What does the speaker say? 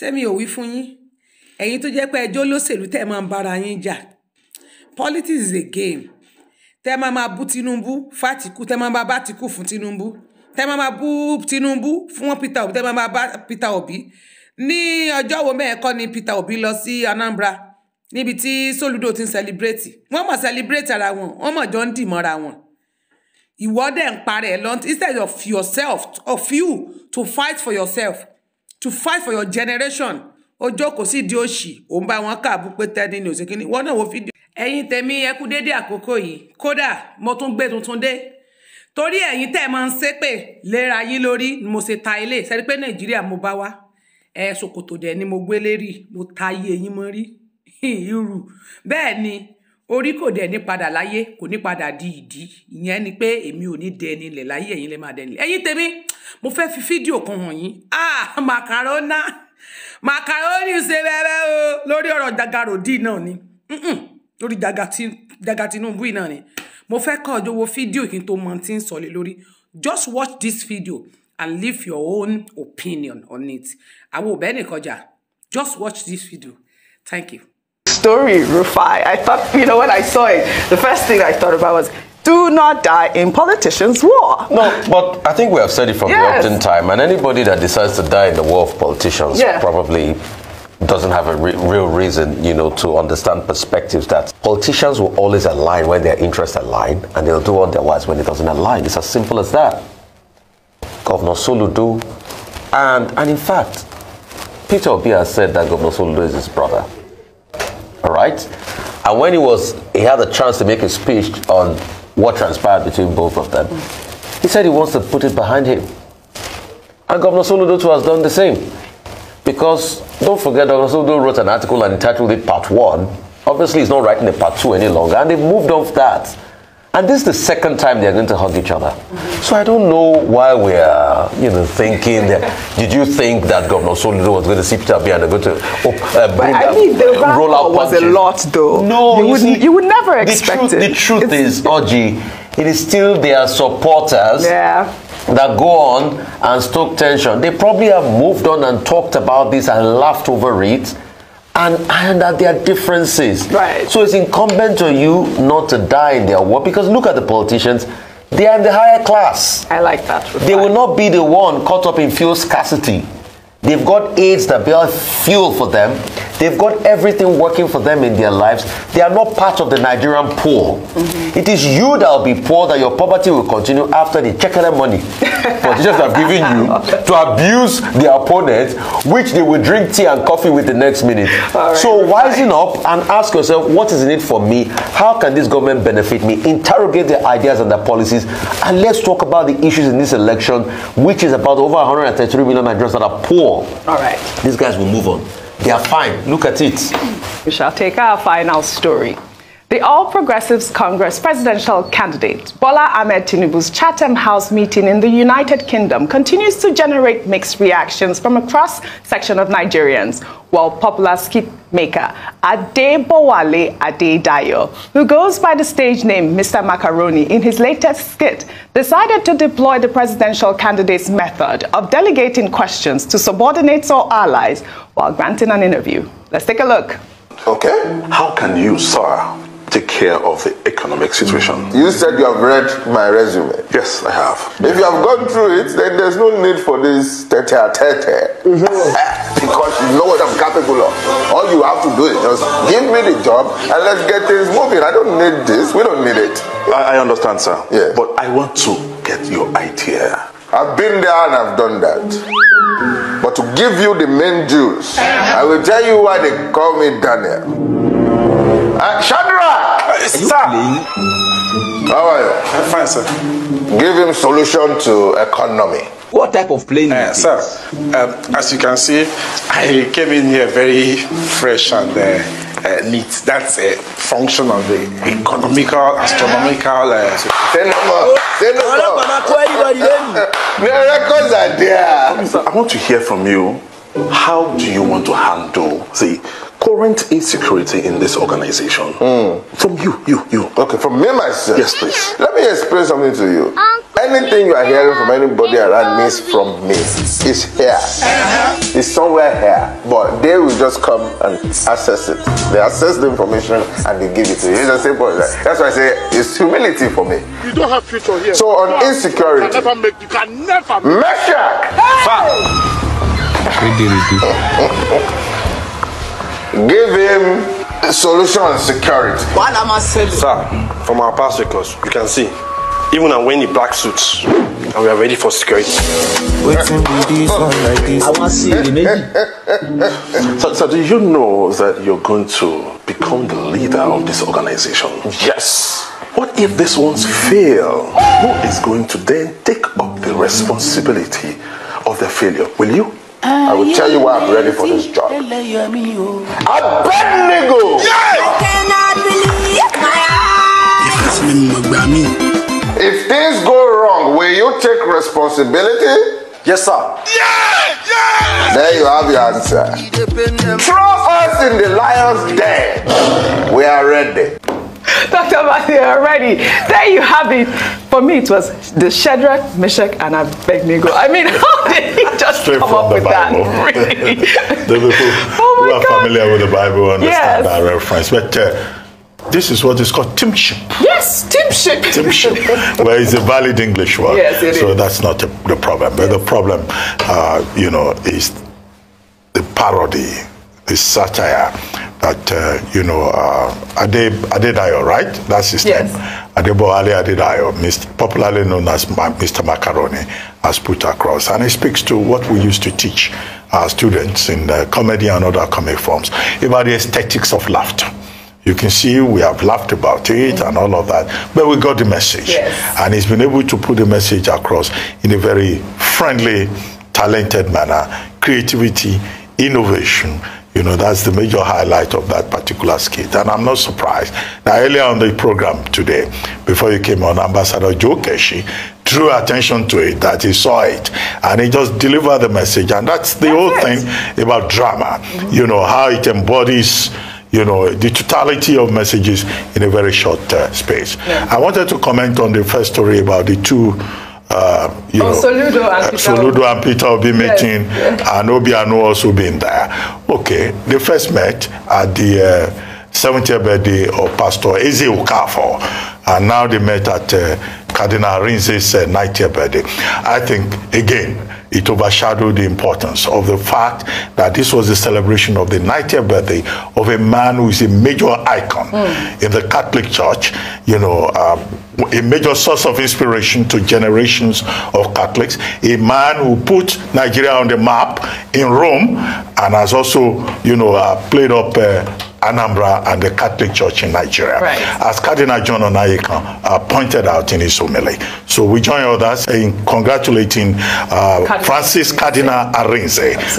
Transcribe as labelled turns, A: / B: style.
A: sẹ́mi ò wí fún yín ẹ̀yin tó jẹ́ pé ẹjọ́ lóṣèlú tẹ́ máa ń bára yín jà politics is a game tẹ́ máa máa bú Tinubu fatiku tẹ́ máa máa bá Tiku fún Tinubu tẹ́ máa máa bú Tinubu fún Peter Obi tẹ́ máa máa bá Peter Obi ní ọjọ́ wo mẹ́ẹ̀kọ́ ni Peter Obi lọ sí Anambra níbi tí Soludo ti ń sẹlibrétì wọ́n mọ̀ sẹlibrétì ara wọn wọ́n mọ̀ jọ ń dì mọ́ra wọn ìwọ́dẹ̀ ń parẹ́ instead of yourself of you to fight for yourself to fight for your generation Ojo jókòó sí di òṣì òun bá wọn káàbù pé tẹni ní òsèkínní wọn náà wo fídíò. ẹ̀yin tèmi ẹ kú déédé àkókò yìí kódà mo tún gbé tuntun dé torí ẹ̀yin tẹ́ ẹ máa ń ṣépè léra yín lórí ni mo ṣe ta ilé ṣẹ́ni pé nàìjíríà mo bá wá ẹ ṣòkòtò dẹ̀ ni mo gbé lérí mo ta iye yín mọ́ rí irú bẹ́ẹ̀ ni orí kò dẹ̀ ní padà láyé kò ní padà di ìdí ìyẹn ni pé èmi ò ní dẹni ilẹ̀ láyé ẹ̀yin lè máa dẹni ilẹ̀ ẹ̀yin tèmi mo fẹ́ fi fídíò kan hàn yín ah macarona macaroni ṣe bẹ́ẹ̀ o lórí ọ̀rọ̀ dagarodi náà ni lórí daga Tinubu yìí náà ni mo fẹ́ kọ́ ọjọ́ wo fídíò kí n tó mọ tí ń sọ lé lórí just watch this video and leave your own opinion on it àwọn òbẹ́ nìkan just watch this video thank you. story, Rufai. I thought, you know, when I saw it, the first thing I thought about was, do not die in politicians' war. No,
B: but I think we have said it from yes. the opt time, and anybody that decides to die in the war of politicians yeah. probably doesn't have a re real reason, you know, to understand perspectives that politicians will always align when their interests align, and they'll do otherwise when it doesn't align. It's as simple as that. Governor Suludu, and and in fact, Peter Obi has said that Governor Suludu is his brother right? And when he was, he had a chance to make a speech on what transpired between both of them. He said he wants to put it behind him. And Governor Soludotu has done the same. Because don't forget, Governor Soludotu wrote an article and entitled it Part 1. Obviously, he's not writing the Part 2 any longer, and they've moved off that. And this is the second time they're going to hug each other. So I don't know why we're, you know, thinking that. Did you think that Governor Soludo was going to see Peter Bia and going to oh, uh, bring but, I mean,
A: the uh, roll out was punches. a
B: lot, though.
A: No, you, you, see,
B: you would never expect the truth, it. The truth it's, is, Oji, it is still their supporters. Yeah that go on and stoke tension. They probably have moved on and talked about this and laughed over it and, and that there are differences. Right. So it's incumbent on you not to die in their war because look at the politicians. They are in the higher class. I like that. Reply. They will not be the one caught up in fuel scarcity. They've got aids that bear fuel for them. They've got everything working for them in their lives. They are not part of the Nigerian poor. Mm-hmm. It is you that will be poor, that your poverty will continue after the checkered money politicians have given you to abuse their opponents, which they will drink tea and coffee with the next minute. Right, so wising fine. up and ask yourself, what is in it for me? How can this government benefit me? Interrogate their ideas and their policies. And let's talk about the issues in this election, which is about over 133 million Nigerians that are poor. All right. These
A: guys will move on. They are fine. Look at it. We shall take our final story. The All Progressives Congress presidential candidate Bola Ahmed Tinubu's Chatham House meeting in the United Kingdom continues to generate mixed reactions from a cross-section of Nigerians, while popular skit maker Adebowale Adedayo, who goes by the stage name Mr. Macaroni in his latest skit, decided to deploy the presidential candidate's method of delegating questions to subordinates or allies while granting an interview. Let's take a look. Okay.
C: How can you, sir, take care of the economic situation. Mm. You said you have read my resume. Yes, I have. If you have gone through it, then there's no need for this tete a tete. because you know what I'm capable of. All you have to do is just give me the job and let's get things moving. I don't need this. We don't need it. I, I understand, sir. Yeah. But I want to get your idea. I've been there and I've done that. But to give you the main juice, I will tell you why they call me Daniel. Uh, Shadrach! sir. How are you? I'm fine, sir. Give him solution to economy. What type of plane uh, is Sir, um, as you can see, I came in here very fresh and uh, uh, neat. That's a function of the economical, astronomical. Uh, Say no more. Say no more. the records are there. Sir, I want to hear from you. How do you want to handle, see, current insecurity in this organization? Mm. From you, you, you. Okay, from me myself. Yes, please. Let me explain something to you. Anything you are hearing from anybody around me is from me. It's here. Uh-huh. It's somewhere here. But they will just come and access it. They assess the information and they give it to you. It's as simple as that. That's why I say it's humility for me. You don't have future here. So on insecurity. You can never make. You can never make. Measure. Hey! Ready, Give him solution and security. What am I saying? Sir, from our past records, you can see, even I'm wearing the black suits, and we are ready for security.
B: this one like this. I want to see the
C: navy. So, so, do you know that you're going to become the leader of this organization? Yes. What if this ones fail? Who is going to then take up the responsibility of the failure? Will you? I will tell you why I'm ready for this job.
A: Abednego!
C: Yes! If things go wrong, will you take responsibility? Yes, sir. Yes, yes. There you have your answer.
A: Throw us in the lion's den.
C: We are ready.
A: Dr. Matthew, already. There you have it. For me, it was the Shadrach, Meshach, and Abednego. I mean, how did
B: he just Straight come up with Bible. that?
A: Really?
C: the people oh who are God. familiar with the Bible understand yes. that reference. But uh, this is what is called timship. Yes, timship. Timship. well, it's a valid English word. Yes, it so is. that's not a, the problem. Yes. But the problem, uh, you know, is the parody, the satire that uh, you know uh, Ade Adedayo, right? That's his yes. name. Adebo Ali Adedayo, popularly known as Mr. Macaroni, has put across, and it speaks to what we used to teach our students in uh, comedy and other comic forms about the aesthetics of laughter. You can see we have laughed about it and all of that, but we got the message, yes. and he's been able to put the message across in a very friendly, talented manner. Creativity, innovation you know, that's the major highlight of that particular skit. And I'm not surprised. Now, earlier on the program today, before you came on, Ambassador Joe Keshi drew attention to it, that he saw it, and he just delivered the message. And that's the that's whole it. thing about drama, mm-hmm. you know, how it embodies you know, the totality of messages in a very short uh, space. Yeah. I wanted to comment on the first story about the two you oh, know, Soludo and, Peter and Peter will be meeting, yes, yes. and Obiano also been there. Okay, they first met at the uh, 70th birthday of Pastor Eze Okafor, and now they met at uh, Cardinal Rinze's uh, 90th birthday. I think, again, it overshadowed the importance of the fact that this was the celebration of the 90th birthday of a man who is a major icon mm. in the Catholic Church, you know, um, a major source of inspiration to generations of Catholics, a man who put Nigeria on the map in Rome and has also, you know, uh, played up uh, Anambra and the Catholic Church in Nigeria, right. as Cardinal John Onayeka uh, pointed out in his homily. So we join others in congratulating uh, Cardinal Francis Cardinal Arinze.